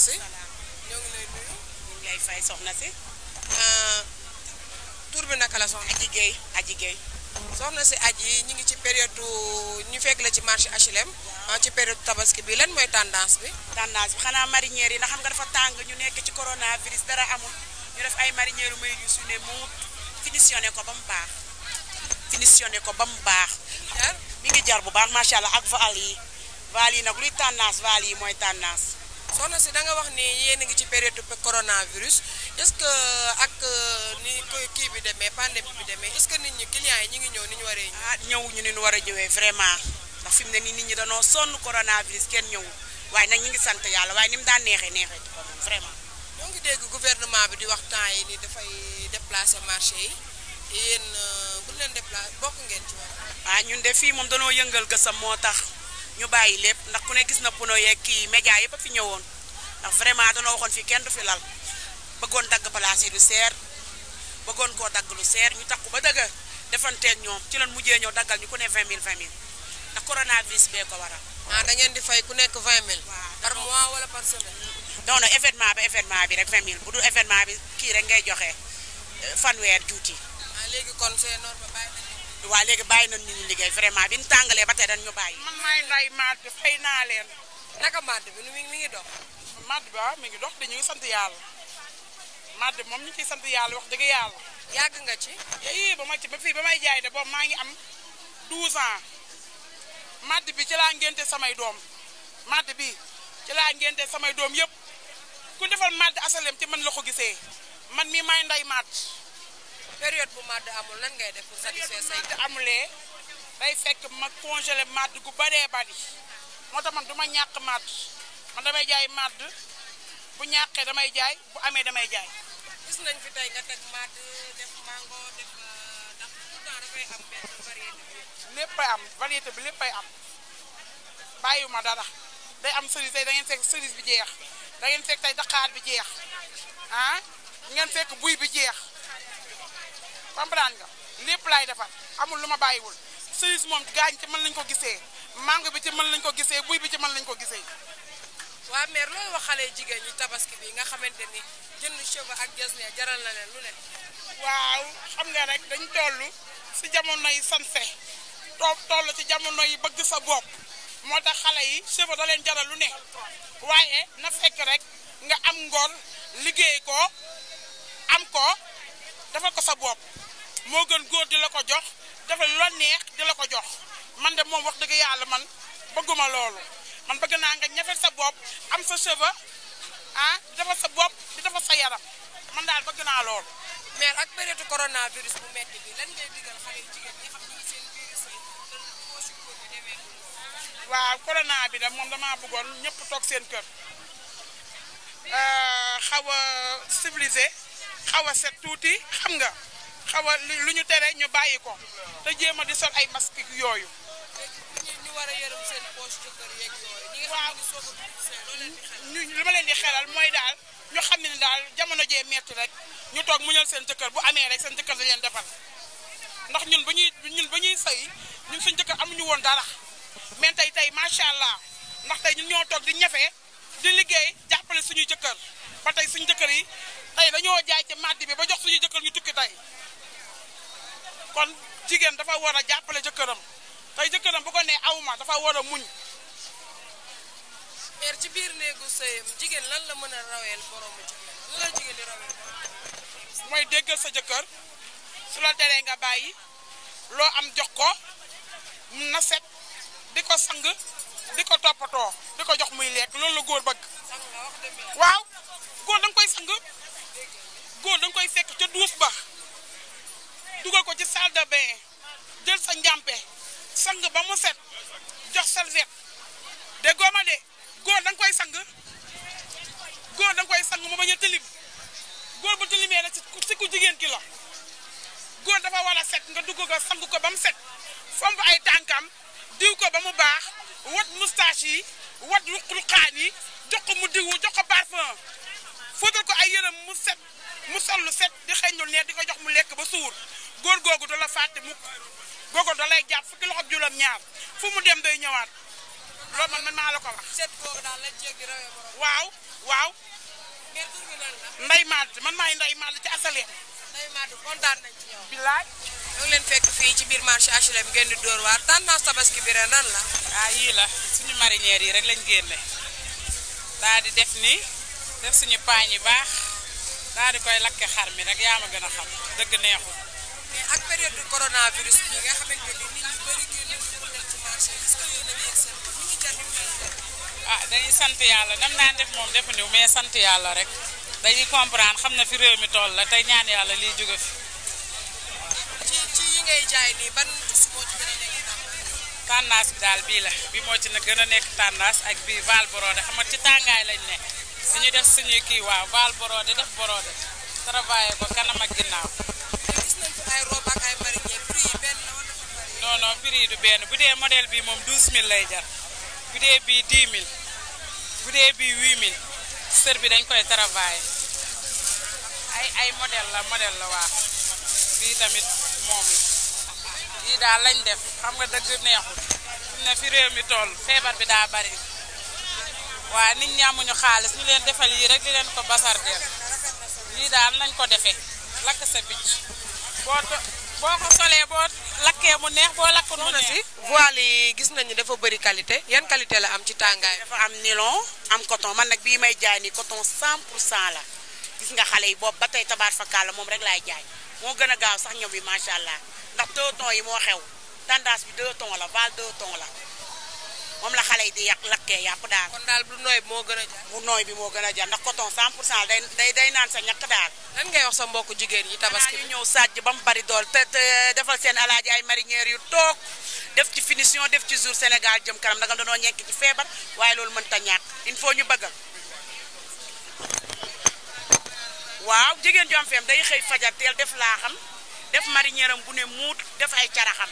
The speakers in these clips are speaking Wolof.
si. ñoo ngi lay nuyu. ñu fay soxna si. Euh, tur bi naka la soxna. Aji Guèye Aji Guèye. soxna si aji ñu ngi ci période ñu fekk la ci marché HLM. Ah, ci période tabaski bi lan mooy tendance bi. tendance xanaa marinière yi ndax xam nga dafa tàng ñu nekk ci coronavirus dara amul ñu def ay marinière may yu su ne mu finitionné ko ba mu baax. finitionné ko ba mu baax. mi ngi jar bu baax macha allah ak vaal yi vaal yi nag luy tendance vaal yi mooy tendance. soxna si da nga wax ni yéen a ngi ci période coronavirus est-ce que ak ni kii bi demee pandémie bi demee est-ce que nit ñi clients yi ñu ngi ñëw ni ñu waree ñëw. ah ñëwuñu ni ñu war a ñëwee vraiment ndax fi mu ne nii nit ñi danoo sonn coronavirus kenn ñëw waaye nag ñu ngi sant yàlla waaye ni mu daan neexee neexe ci vraiment. ñoo ngi dégg gouvernement bi di wax temps yi ni dafay déplacer marché yi yéen euh, bu leen déplacer bokk ngeen ci wàll. ah ñun de fii moom danoo yëngal gësam moo tax. ñu bàyyi lépp ndax ku ne gis na pono yeeg kii média yëpp a fi ñëwoon ndax vraiment danoo waxoon fi kenn du fi lal bëggoon dagg place yi lu seer bëggoon koo dagg lu seer ñu takku ba dëgg defanteeg ñoom ci lan mujjee ñëw daggal ñu ku ne 20 000 20 000 ndax coronavirus bee ko waral. ah da ngeen di fay ku nekk 20 000. par mois événement bi rek 20 bu dul événement bi kii rek ngay joxe euh, fanweer juuti. Ah, waaw léegi bàyyi nañ ñu ñu liggéey vraiment bi ñu ba tey dañ ñu bàyyi. man maay nday maat bi fay naa leen. naka maat bi mi ngi dox. maat bi waaw mi ngi dox de ñu ngi sant yàlla maat bi moom ñu ciy sant yàlla wax dëgg yàlla. yàgg nga ci. yéen ba ba fii ba may jaay de boobu maa am 12 ans maat bi ci laa ngénte samay doom maat bi ci laa ngénte samay doom yëpp ku defal maat asalem ci man la ko gisee man mii maay nday maat. période bu màdd amul nan ngay def pour satisfaire say màdd amulee day fekk ma congelé màdd gu baree bari moo tax man du ma ñàkk màdd man damay jaay màdd bu ñàkkee damay jaay bu amee damay jaay. gis nañ fi tey nga teg màdd euh, am benn variété bi. léppay am variété bi léppay am dara day am cerise tey da ngeen fekk cerise bu jeex da ngeen fekk tey daqaar bu jeex ah ngeen fekk buy bu jeex. comprendre nga lépp laay defar amul lu ma bàyyiwul cerise moom gaañ ci mën lañ ko gisee mango bi ci mën lañ ko gisee buy bi ci mën lañ ko gisee. waa mère looy wax jigéen ñi tabaski bi nga xamante ni jënd cheveux ak jasne jaral na leen lu ne. xam nga rek dañ toll si jamonoy sanse toog toll ci jamono yi bëgg sa bopp moo tax xale yi cheveux da leen jaral lu ne waaye na fekk rek nga am ngor liggéey ko am ko defal ko sa bopp. moo gën góor di la ko jox dafa lu la neex di la ko jox man de moom wax dëgg yàlla man bëgguma loolu man bëgg naa nga ñafel sa bopp am sa cheveux ah di defar sa bopp di defar sa yaram man daal bëgg naa loolu. mais ak période coronavirus bu metti bi lan ngay digal xale yu waaw corona bi da moom damaa bëggoon ñëpp toog seen kër euh, xaw a civilisé xaw a set tuuti xam nga. xaw a lu ñu tere ñu bàyyi ko te jéem a di sol ay masque yooyu. ñu war seen poche ci kër ma leen di xelal mooy daal ñu xam ne daal jamono jee metti rek ñu toog muñal seen jëkkër bu amee rek seen jëkkër dañ leen defal ndax ñun ba ñuy ñun ba ñuy sëy ñun suñ jëkkër amuñu woon dara mais tey tey macha allah ndax tey ñun ñoo toog di ñafe di liggéey jàppale suñuy jëkkër ba tey suñu jëkkër yi tey dañoo jaay ci màdd bi ba jox suñuy jëkkër ñu tukki tey kon jigéen dafa war a jàppale jëkkëram tey jëkkëram bu ko nee awma dafa war a muñ. mère ci biir néegu sëyam jigéen lan la mën a raweel boroomu jigéen mooy déggal sa jëkkër su la teree nga bàyyi loo am jox ko na set di ko sang di ko toppatoo di ko jox muy lekk loolu la góor bëgg. waaw góor da koy sang góor da koy fekk ca duus ba. dugal ko ci salle de bain jël sa njàmpe sang ba mu set jox set de gooma de góor da koy sang góor da nga koy sang mu bañ a tilim góor bu tilimee nag si ku jigéen ki la góor dafa war a set nga dugg ko sang ko ba mu set fomp ay tànkam diw ko ba mu baax wat moustache yi wat ruqruqaan yi jox ko mu diwu jox ko parfum fóotal ko ay yërëm mu set mu sol lu set di xëy ñu neex di ko jox mu lekk ba suur góor googu du la fàtte mukk googu da lay jàpp fukki loxo juróom ñaar fu mu dem day ñëwaat loolu man man maa la ko wax. seet googu daal lañ jéeg di rawee borom. man maay Ndeye Made ci leen fekk fii ci biir marché HLM ngeen di dóor waar tendance tabaski bi ren la. Ah, yii la suñu marinière yi rek lañ génne daal di def ni def suñu paañ yu baax daal di koy lakke xar mi rek yaa ma gën a xam dëgg neexul. ak période de coronavirus bi nga xamante ni a ah dañuy sant yàlla nam naan def moom defu ñu mais sant yàlla rek dañuy comprendre xam na fi réew mi toll la tey ñaan yàlla liy jóge fi. ci ci ngay jaay nii ban moo ci gën a nekk tànnaas bi daal bii la bi moo ci na gën a nekk tànnaas ak bii val borode xam nga ci tàngaay lañ ne suñu def suñuy kii waaw val borode def borode travailler ko kanam ak ginnaaw. ay robe ak ay marinière prix yi benn la wala dafa bari. non non prix yi du benn bu dee modèle bi moom mil lay jar bu dee bii 10000 bu dee bii 8000 sër bi dañ koy travailler ay ay modèle la model la waa bii tamit moom la daal lañ def xam nga dëgg neexul na fi réew mi toll feebar bi daa bari waa nit ñi xaalis ñu leen defal yii rek di leen ko basardeel lii daal nañ ko defee lakk sa bicc boo boo ko solee boo lakkee mu neex boo lakkul mu neex. si voile yi gis nañu dafa bëri qualité yan qualité la am ci tàngaay. dafa am nylon am coton man nag bii may jaay ni coton 100 pour cent la gis nga xale yi boobu ba tey tabaar fakkaar la moom rek laay jaay moo gën a gaaw sax ñoom yi macha allah ndax deux tons yi moo xew tendance bi deux tong la val deux tons la. moom la xale yi di yàq lakkee yàpp daal. kon bu nooy bi moo gën a jar. bu nooy bi moo gën a jar ndax coton 100 pour cent day day naan sa ñàkk daal. lan ngay wax sa mbokku jigéen yi tabaski bi ñu ñëw sàjj ba mu bari dool te defal seen alaaji ay marinières yu toog def ci finition def ci jour Sénégal jëm kanam nag dañoo ñekk ci feebar waaye loolu mënta ñàkk il faut ñu bëggal. waaw jigéen ju am day xëy fajar def laaxam def marinière bu ne muut def ay caraxam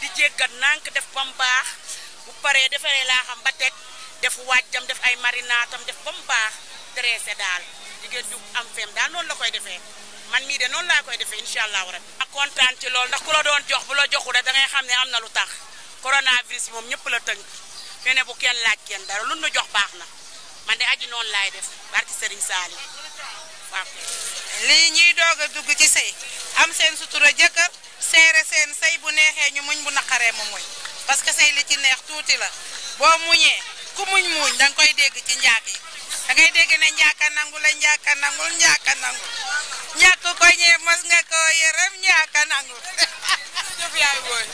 di jéggat nànk def ba mu baax. bu paree defaree laa xam ba teg def wàjjam def ay marinaatam def ba mu baax dressé daal jigéen ju am fem daal noonu la koy defee man mii de noonu laa koy defee incha allahu rabi. ma kontaan ci loolu ndax ku la doon jox bu la joxul da ngay xam ne am na lu tax coronavirus moom ñëpp la tënk fi ne bu kenn laaj kenn dara lu nu jox baax na man de aji noonu laay def barki Serigne Saali waaw. lii ñuy doog a dugg ci sëy am seen sutura jëkkër seere seen sëy bu neexee ñu muñ bu naqaree mu muñ. parce que say li ci neex tuuti la boo muñee ku muñ muñ da koy dégg ci njaak yi da ngay dégg ne njaaka nangu la njaaka nangul njaaka nangul ñàkk ko ñee mos nga ko yërëm njaaka nangul jëf yaay booy